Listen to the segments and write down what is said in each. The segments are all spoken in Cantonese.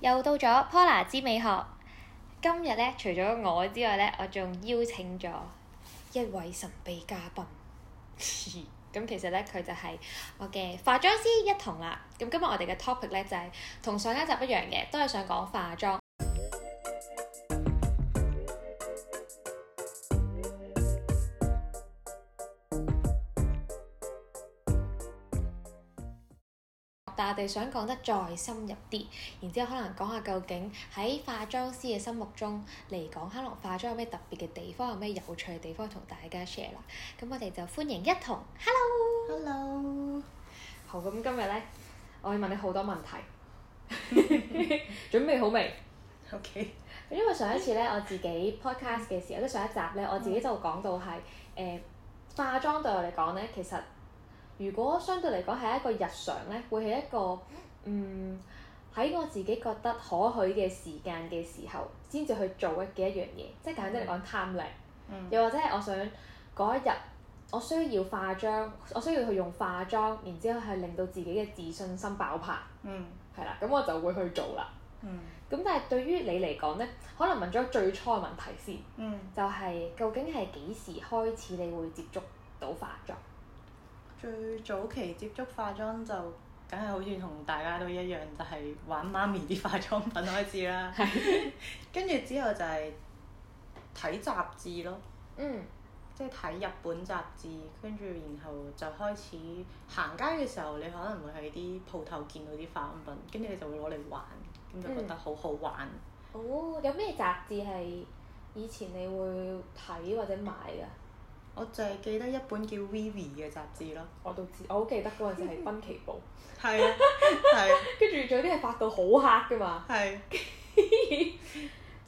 又到咗 Paula 之美學，今日咧除咗我之外咧，我仲邀請咗一位神秘嘉賓。咁、 嗯、其實咧，佢就係我嘅化妝師壹筒啦。咁今日我哋嘅 topic 咧就係同上一集一樣嘅，都係想講化妝。但係我哋想講得再深入啲，然之後可能講下究竟喺化妝師嘅心目中嚟講，可能化妝有咩特別嘅地方，有咩有趣嘅地方同大家 share 啦。咁我哋就歡迎一同，hello，hello。Hello! 好，咁今日咧，我要問你好多問題， 準備好未？OK。因為上一次咧，我自己 podcast 嘅時候，即上一集咧，我自己就講到係誒、嗯呃、化妝對我嚟講咧，其實。如果相對嚟講係一個日常咧，會係一個嗯喺我自己覺得可許嘅時間嘅時候，先至去做嘅一樣嘢，即係簡單嚟講貪靚又或者係我想嗰一日我需要化妝，我需要去用化妝，然之後去令到自己嘅自信心爆棚，係啦、嗯，咁我就會去做啦。咁、嗯、但係對於你嚟講呢，可能問咗最初嘅問題先，嗯、就係究竟係幾時開始你會接觸到化妝？最早期接觸化妝就，梗係好似同大家都一樣，就係、是、玩媽咪啲化妝品開始啦。跟住 之後就係睇雜誌咯。嗯。即係睇日本雜誌，跟住然後就開始行街嘅時候，你可能會喺啲鋪頭見到啲化妝品，跟住你就會攞嚟玩，咁就覺得好好玩、嗯。哦，有咩雜誌係以前你會睇或者買㗎？嗯我就係記得一本叫《Vivi》嘅雜誌咯，我都知，我好記得嗰陣時係濱崎步，係啊，跟住仲有啲係發到好黑嘅嘛，係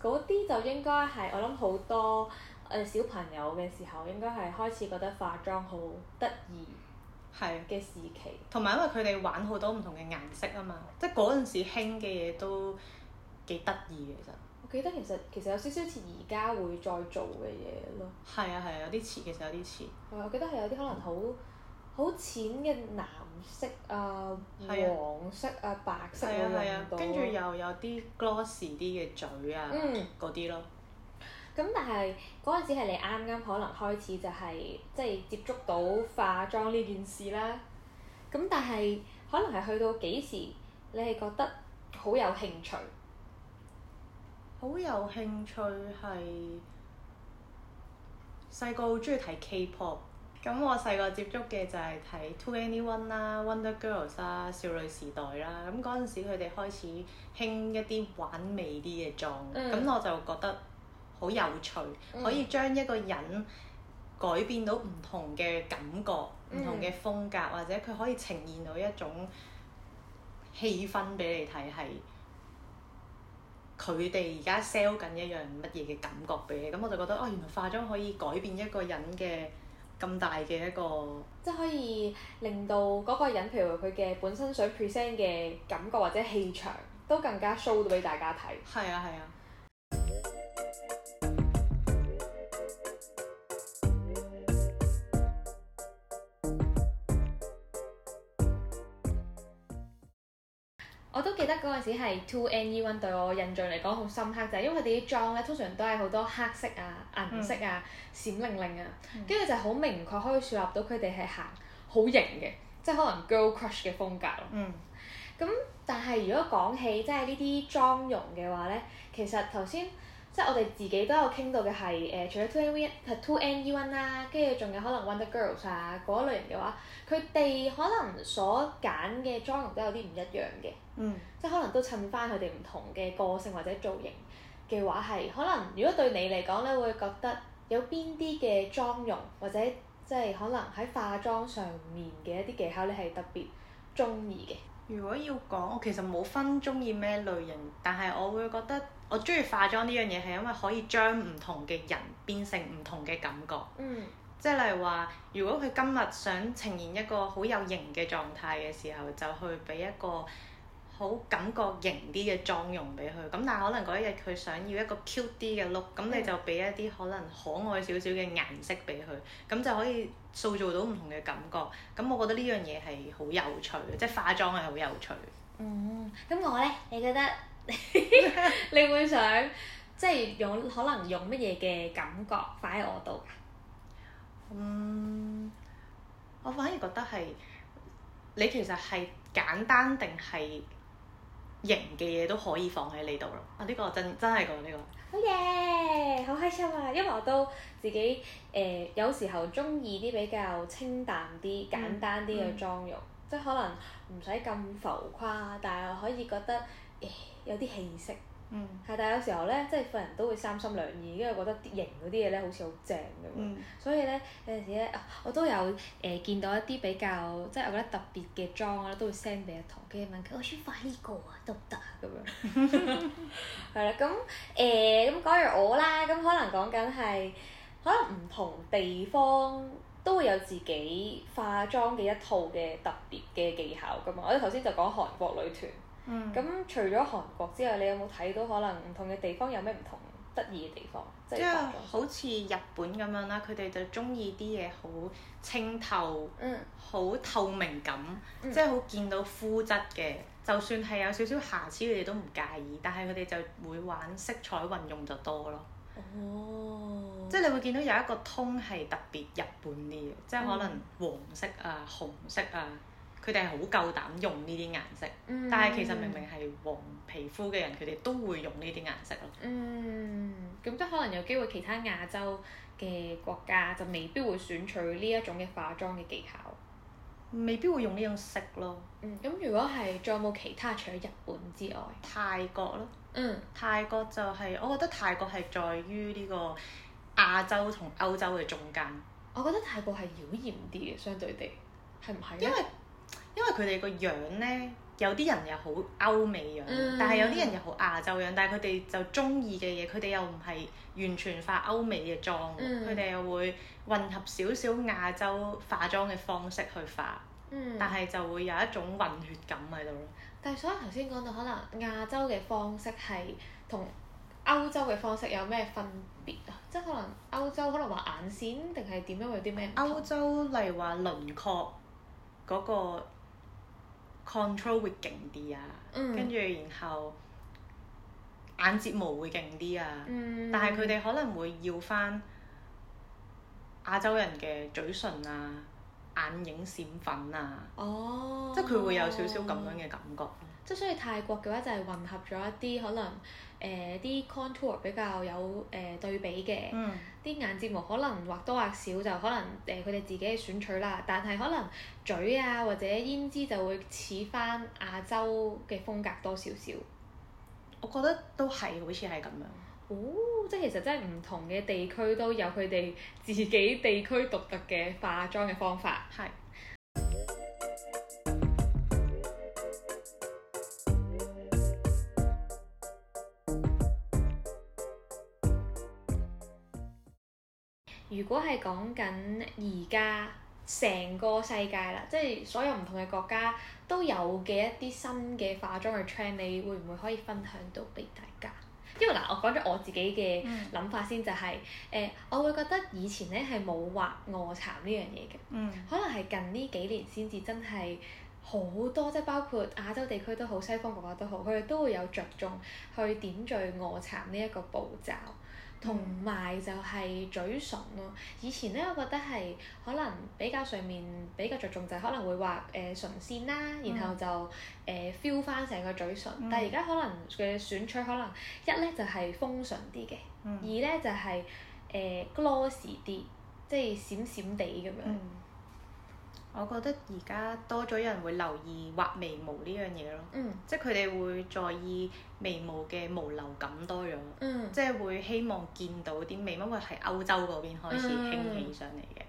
嗰啲就應該係我諗好多誒、呃、小朋友嘅時候，應該係開始覺得化妝好得意，係嘅時期。同埋因為佢哋玩好多唔同嘅顏色啊嘛，即係嗰陣時興嘅嘢都幾得意嘅，其實。記得其實其實有少少似而家會再做嘅嘢咯。係啊係啊，有啲似其實有啲似。係、嗯、啊，記得係有啲可能好好淺嘅藍色啊、黃色啊、白色啊係啊，跟住、啊啊、又有啲 gloss 啲嘅嘴啊嗰啲、嗯、咯。咁但係嗰陣時係你啱啱可能開始就係即係接觸到化妝呢件事啦。咁但係可能係去到幾時，你係覺得好有興趣？好有興趣係細個好中意睇 K-pop，咁我細個接觸嘅就係睇 2NE1 啦、Wonder Girls 啦、啊、少女時代啦、啊，咁嗰陣時佢哋開始興一啲玩味啲嘅妝，咁、嗯、我就覺得好有趣，嗯、可以將一個人改變到唔同嘅感覺、唔、嗯、同嘅風格，或者佢可以呈現到一種氣氛俾你睇係。佢哋而家 sell 緊一樣乜嘢嘅感覺俾你，咁我就覺得哦，原來化妝可以改變一個人嘅咁大嘅一個，即係可以令到嗰個人，譬如佢嘅本身想 present 嘅感覺或者氣場都更加 show 到俾大家睇。係啊，係啊。我都記得嗰陣時係 2NE1 對我印象嚟講好深刻就係因為佢哋啲妝咧通常都係好多黑色啊銀色啊、嗯、閃靈靈啊，跟住、嗯、就好明確可以樹立到佢哋係行好型嘅，即係可能 Girl Crush 嘅風格咯。咁、嗯、但係如果講起即係呢啲妝容嘅話咧，其實頭先。即係我哋自己都有傾到嘅係，誒、呃，除咗 Two A n e 2NE1 啦，跟住仲有可能 Wonder Girls 啊嗰類型嘅話，佢哋可能所揀嘅妝容都有啲唔一樣嘅，嗯、即係可能都襯翻佢哋唔同嘅個性或者造型嘅話係，可能如果對你嚟講咧，你會覺得有邊啲嘅妝容或者即係可能喺化妝上面嘅一啲技巧你係特別中意嘅？如果要講，我其實冇分中意咩類型，但係我會覺得。我中意化妝呢樣嘢係因為可以將唔同嘅人變成唔同嘅感覺，即係例如話，如果佢今日想呈現一個好有型嘅狀態嘅時候，就去俾一個好感覺型啲嘅妝容俾佢。咁但係可能嗰一日佢想要一個 cute 啲嘅 look，咁，嗯，你就俾一啲可能可愛少少嘅顏色俾佢，咁就可以塑造到唔同嘅感覺。咁我覺得呢樣嘢係好有趣，即係化妝係好有趣。嗯，咁我呢，你覺得？ 你會想即係用可能用乜嘢嘅感覺擺喺我度？嗯，我反而覺得係你其實係簡單定係型嘅嘢都可以放喺你度咯。啊呢個、我呢個真真係講呢個。好、這、嘅、個，oh、yeah，好開心啊！因為我都自己誒、呃、有時候中意啲比較清淡啲、簡單啲嘅妝容，嗯嗯、即係可能唔使咁浮誇，但係我可以覺得誒。有啲氣色，係、嗯，但係有時候咧，即係個人都會三心兩意，因為覺得啲型嗰啲嘢咧好似好正㗎，嗯、所以咧有陣時咧，我都有誒、呃、見到一啲比較即係、就是、我覺得特別嘅妝咧，我都會 send 俾阿唐記問佢，我想化呢個啊，得唔得啊？咁樣係啦，咁誒咁講完我啦，咁可能講緊係可能唔同地方都會有自己化妝嘅一套嘅特別嘅技巧㗎嘛，我哋頭先就講韓國女團。咁、嗯、除咗韓國之外，你有冇睇到可能唔同嘅地方有咩唔同得意嘅地方？即係好似日本咁樣啦，佢哋就中意啲嘢好清透，好、嗯、透明感，嗯、即係好見到膚質嘅。嗯、就算係有少少瑕疵，佢哋都唔介意。但係佢哋就會玩色彩運用就多咯。哦，即係你會見到有一個 tone 係特別日本啲嘅，即係可能黃色啊、紅色啊。佢哋係好夠膽用呢啲顏色，嗯、但係其實明明係黃皮膚嘅人，佢哋都會用呢啲顏色咯。嗯，咁即係可能有機會其他亞洲嘅國家就未必會選取呢一種嘅化妝嘅技巧。未必會用呢種色咯。嗯，咁如果係再有冇其他除咗日本之外，泰國咯。嗯，泰國就係我覺得泰國係在於呢個亞洲同歐洲嘅中間。我覺得泰國係妖艷啲嘅，相對地，係唔係？因為佢哋個樣咧，有啲人又好歐美樣，嗯、但係，但係有啲人又好亞洲樣。但係佢哋就中意嘅嘢，佢哋又唔係完全化歐美嘅妝的，佢哋、嗯、又會混合少少亞洲化妝嘅方式去化，嗯、但係就會有一種混血感喺度咯。但係，所以頭先講到可能亞洲嘅方式係同歐洲嘅方式有咩分別即係、就是、可能歐洲可能話眼線定係點樣會有啲咩唔同？歐洲例如話輪廓嗰、那個。Control 會勁啲啊，跟住、嗯、然後眼睫毛會勁啲啊，嗯、但係佢哋可能會要返亞洲人嘅嘴唇啊、眼影閃粉啊，哦，即係佢會有少少咁樣嘅感覺。哦 即所以泰國嘅話就係混合咗一啲可能誒啲、呃、contour 比較有誒、呃、對比嘅，啲、嗯、眼睫毛可能畫多畫少就可能誒佢哋自己嘅選取啦，但係可能嘴啊或者胭脂就會似返亞洲嘅風格多少少。我覺得都係好似係咁樣。哦，即係其實真係唔同嘅地區都有佢哋自己地區獨特嘅化妝嘅方法。係。如果係講緊而家成個世界啦，即係所有唔同嘅國家都有嘅一啲新嘅化妝嘅 trend，你會唔會可以分享到俾大家？因為嗱，我講咗我自己嘅諗法先，嗯、就係、是、誒、呃，我會覺得以前咧係冇畫卧蠶呢樣嘢嘅，嗯、可能係近呢幾年先至真係好多，即係包括亞洲地區都好，西方國家都好，佢哋都會有着重去點綴卧蠶呢一個步驟。同埋就係嘴唇咯，以前咧我覺得係可能比較上面比較着重就係可能會畫誒、呃、唇線啦，然後就誒 feel 翻成個嘴唇，但係而家可能嘅選取可能一咧就係豐唇啲嘅，嗯、二咧就係、是、誒、呃、Glossy 啲，即係閃閃地咁樣。嗯我覺得而家多咗人會留意畫眉毛呢樣嘢咯，嗯、即係佢哋會在意眉毛嘅毛流感多咗，嗯、即係會希望見到啲眉毛，會喺歐洲嗰邊開始興起上嚟嘅，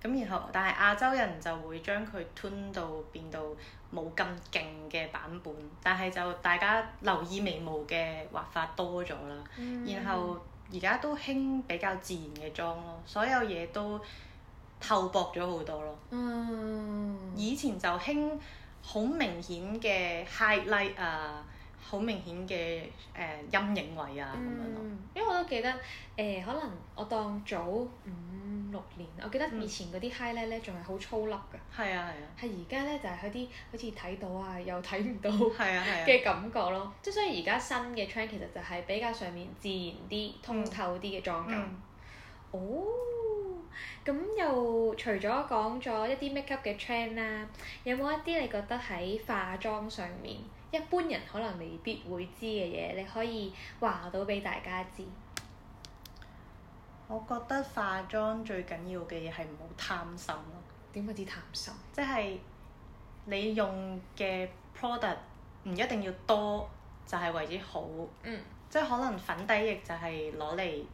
咁、嗯、然後但係亞洲人就會將佢 tune 到變到冇咁勁嘅版本，但係就大家留意眉毛嘅畫法多咗啦，嗯、然後而家都興比較自然嘅妝咯，所有嘢都透薄咗好多咯，嗯、以前就興好明顯嘅 highlight 啊，好明顯嘅誒、uh，陰影位啊咁、嗯、樣咯。因為我都記得誒、呃，可能我當早五六年，我記得以前嗰啲 highlight 咧仲係好粗粒㗎。係啊係啊。係而家咧就係嗰啲好似睇到啊又睇唔到嘅感覺咯，即係、啊啊、所以而家新嘅 trend 其實就係比較上面自然啲、通透啲嘅妝感。哦。咁又除咗講咗一啲 makeup 嘅 trick 啦，有冇一啲你覺得喺化妝上面一般人可能未必會知嘅嘢，你可以話到俾大家知？我覺得化妝最緊要嘅嘢係唔好貪心咯。點會知貪心？即係你用嘅 product 唔一定要多，就係為之好。嗯。即係可能粉底液就係攞嚟。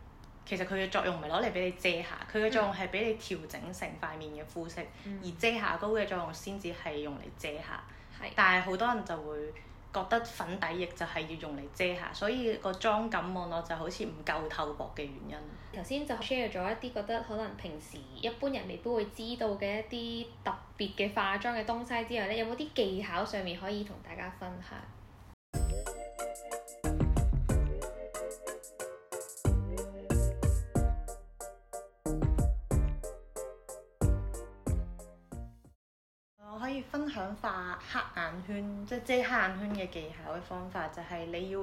其實佢嘅作用唔係攞嚟俾你遮瑕，佢嘅作用係俾你調整成塊面嘅膚色，嗯、而遮瑕膏嘅作用先至係用嚟遮瑕。嗯、但係好多人就會覺得粉底液就係要用嚟遮瑕，所以個妝感望落就好似唔夠透薄嘅原因。頭先就 share 咗一啲覺得可能平時一般人未必會知道嘅一啲特別嘅化妝嘅東西之外呢，有冇啲技巧上面可以同大家分享？眼圈即係遮黑眼圈嘅技巧嘅方法，就係你要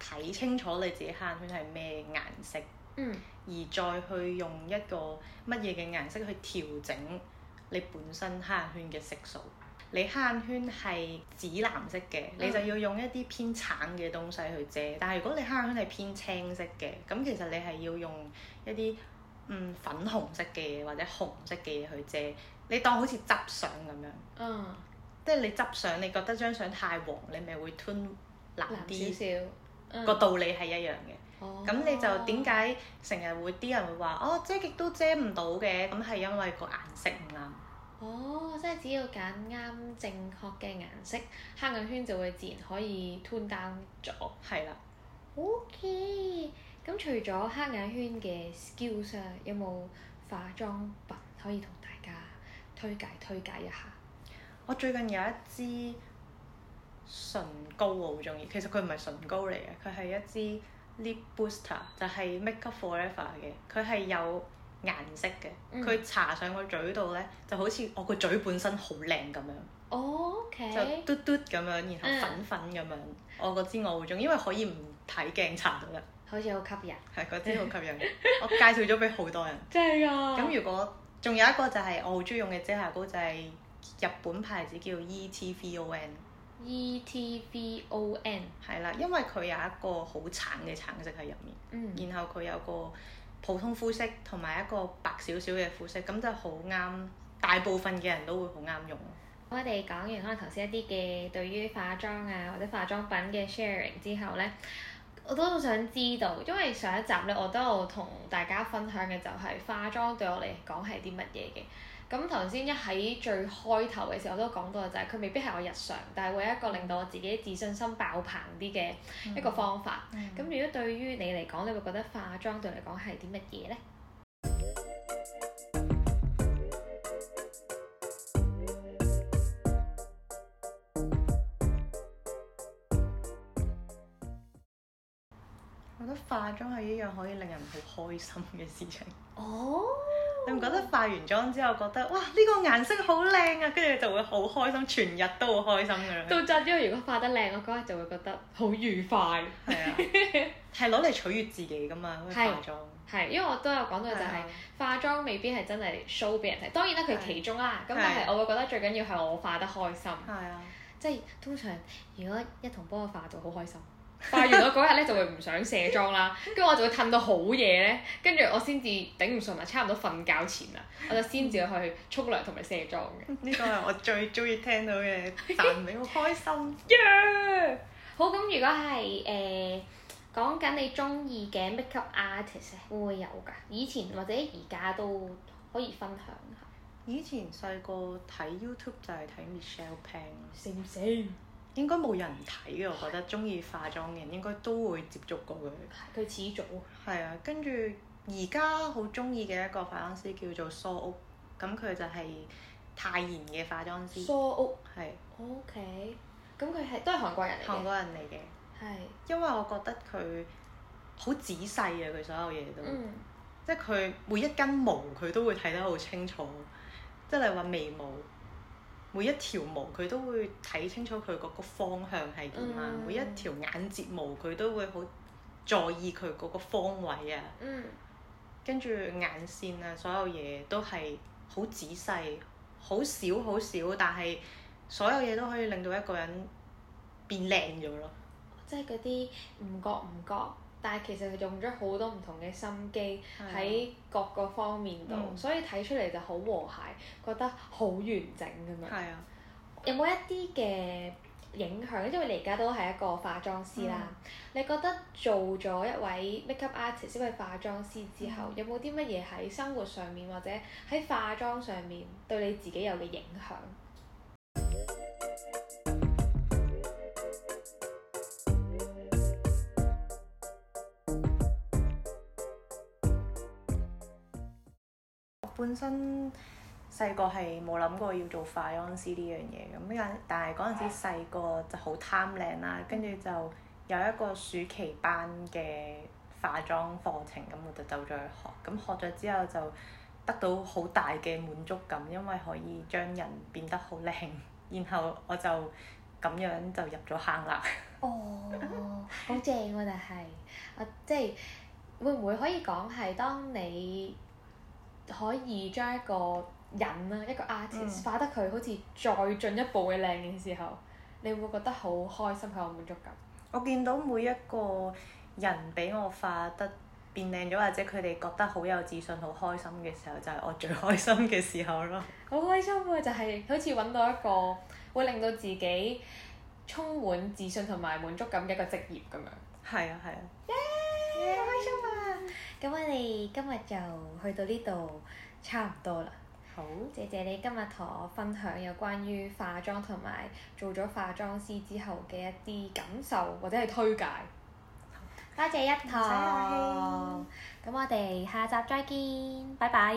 睇清楚你自己黑眼圈係咩顏色，嗯、而再去用一個乜嘢嘅顏色去調整你本身黑眼圈嘅色素。你黑眼圈係紫藍色嘅，你就要用一啲偏橙嘅東西去遮。嗯、但係如果你黑眼圈係偏青色嘅，咁其實你係要用一啲嗯粉紅色嘅或者紅色嘅嘢去遮。你當好似執相咁樣。嗯。即係你執相，你覺得張相太黃，你咪會吞藍少少。藍、嗯、個道理係一樣嘅、哦。哦。咁你就點解成日會啲人會話哦遮極都遮唔到嘅？咁係因為個顏色唔啱。哦，即係只要揀啱正確嘅顏色，黑眼圈就會自然可以吞 down 咗。係啦的。OK，咁除咗黑眼圈嘅 skill 上，有冇化妝品可以同大家推介推介一下？我最近有一支唇膏，我好中意，其實佢唔係唇膏嚟嘅，佢係一支 lip booster，就係 Make Up For Ever 嘅，佢係有顏色嘅，佢搽、嗯、上個嘴度咧就好似我個嘴本身好靚咁樣。哦，OK。就嘟嘟咁樣，然後粉粉咁樣。嗯、我嗰支我好中意，因為可以唔睇鏡搽到啦。好似好吸引。係嗰支好吸引 我介紹咗俾好多人。真係㗎、啊。咁如果仲有一個就係我好中意用嘅遮瑕膏就係、是。日本牌子叫 ETVON，E-T-V-O-N 係啦，因為佢有一個好橙嘅橙色喺入面，嗯、然後佢有個普通膚色同埋一個白少少嘅膚色，咁就好啱大部分嘅人都會好啱用。我哋講完可能頭先一啲嘅對於化妝啊或者化妝品嘅 sharing 之後呢，我都好想知道，因為上一集咧我都有同大家分享嘅就係化妝對我嚟講係啲乜嘢嘅。咁頭先一喺最開頭嘅時候，我都講到就係佢未必係我日常，但係會有一個令到我自己自信心爆棚啲嘅一個方法。咁、嗯嗯、如果對於你嚟講，你會覺得化妝對你嚟講係啲乜嘢呢？我覺得化妝係一樣可以令人好開心嘅事情。哦。Oh? 你唔覺得化完妝之後覺得哇呢、呢個顏色好靚啊，跟住就會好開心，全日都好開心噶啦。到真，之後如果化得靚，我嗰日就會覺得好愉快，係啊，係攞嚟取悅自己噶嘛是化妝。係因為我都有講到就係、係啊、化妝未必係真係 show 俾、啊、人睇，當然啦佢其中啦、啊，咁、啊、但係我會覺得最緊要係我化得開心。係啊，即係通常如果一同幫我化就好開心。化完我嗰日咧就會唔想卸妝啦，跟住我就會褪到好夜咧，跟住我先至頂唔順啦，差唔多瞓覺前啦，我就先至去沖涼同埋卸妝嘅、嗯。呢個係我最中意聽到嘅，讚美好開心 y、yeah! 好咁，如果係誒、呃、講緊你中意嘅 makeup artist 會,會有㗎？以前或者而家都可以分享下。以前細個睇 YouTube 就係睇 Michelle Phan，死唔死麼？麼應該冇人睇嘅，我覺得中意化妝嘅人應該都會接觸過佢。佢始祖。係啊，跟住而家好中意嘅一個化妝師叫做蘇屋，咁佢就係泰妍嘅化妝師。蘇屋。係是。OK，咁佢係都係韓國人嚟嘅。韓國人嚟嘅。係是。因為我覺得佢好仔細啊，佢所有嘢都，嗯、即係佢每一根毛佢都會睇得好清楚，即係話眉毛。每一條毛佢都會睇清楚佢嗰個方向係點啊，嗯、每一條眼睫毛佢都會好在意佢嗰個方位啊，嗯、跟住眼線啊，所有嘢都係好仔細，好少好少，但係所有嘢都可以令到一個人變靚咗咯，即係嗰啲唔覺唔覺。但係其實係用咗好多唔同嘅心機喺的各個方面度，嗯、所以睇出嚟就好和諧，覺得好完整咁樣。係啊的，有冇一啲嘅影響？因為你而家都係一個化妝師啦。嗯、你覺得做咗一位 makeup artist，即係化妝師之後，嗯、有冇啲乜嘢喺生活上面或者喺化妝上面對你自己有嘅影響？本身細個係冇諗過要做化妝師呢樣嘢，咁但但係嗰陣時細個就好貪靚啦，跟住、嗯、就有一個暑期班嘅化妝課程，咁我就走咗去學，咁學咗之後就得到好大嘅滿足感，因為可以將人變得好靚，然後我就咁樣就入咗坑啦。哦，好正喎！但係，我，即係會唔會可以講係當你？可以將一個人啦，一個 artist、嗯、化得佢好似再進一步嘅靚嘅時候，你會，會覺得好開心，好有滿足感。我見到每一個人俾我化得變靚咗，或者佢哋覺得好有自信、好開心嘅時候，就係、是、我最開心嘅時候咯。好 開心啊！就係、是、好似揾到一個會令到自己充滿自信同埋滿足感嘅一個職業咁樣。係啊，係啊。耶！好開心啊！咁我哋今日就去到呢度差唔多啦。好，謝謝你今日同我分享有關於化妝同埋做咗化妝師之後嘅一啲感受或者係推介。多好謝，謝壹筒，咁 Bye. 我哋下集再見，拜拜。